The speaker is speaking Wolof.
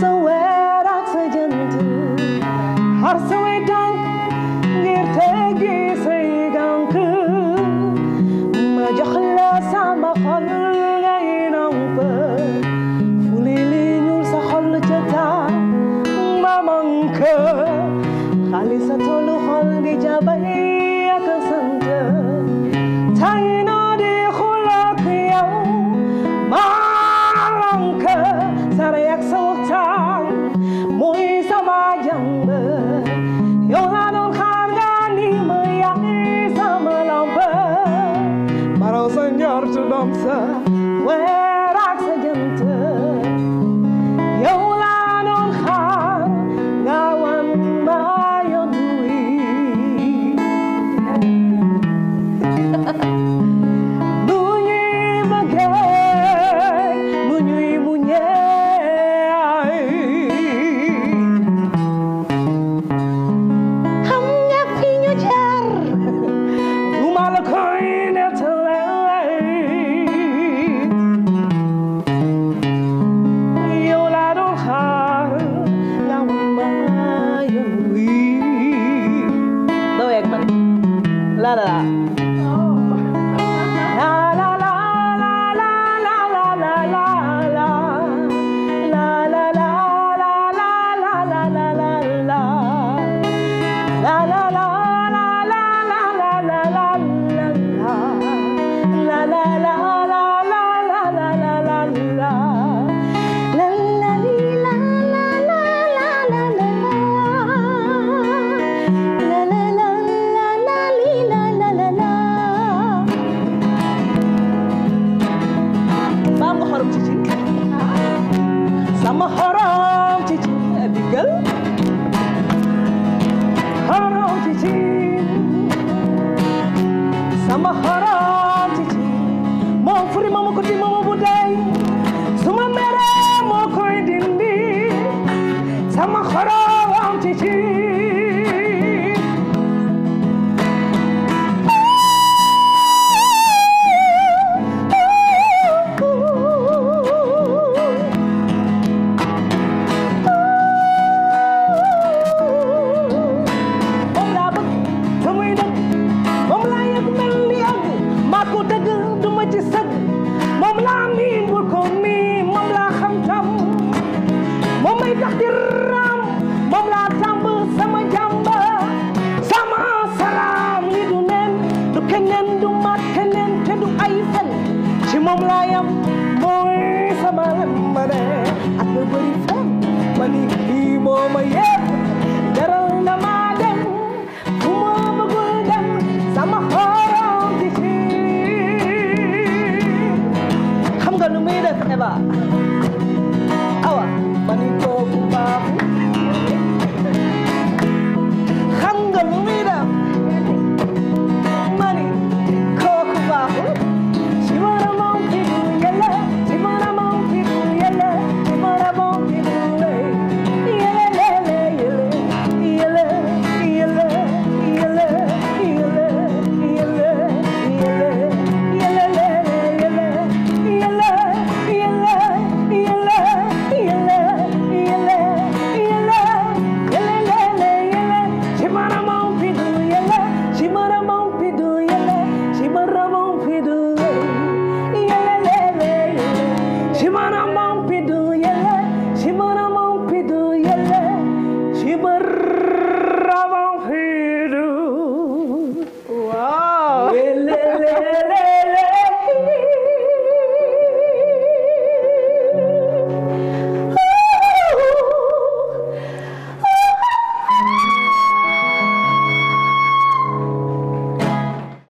so well. nada. sama xorom ci cin sama xorom ci cin diggal xorom ci cin sama xorom ci cin moom furi sama xorom ci ば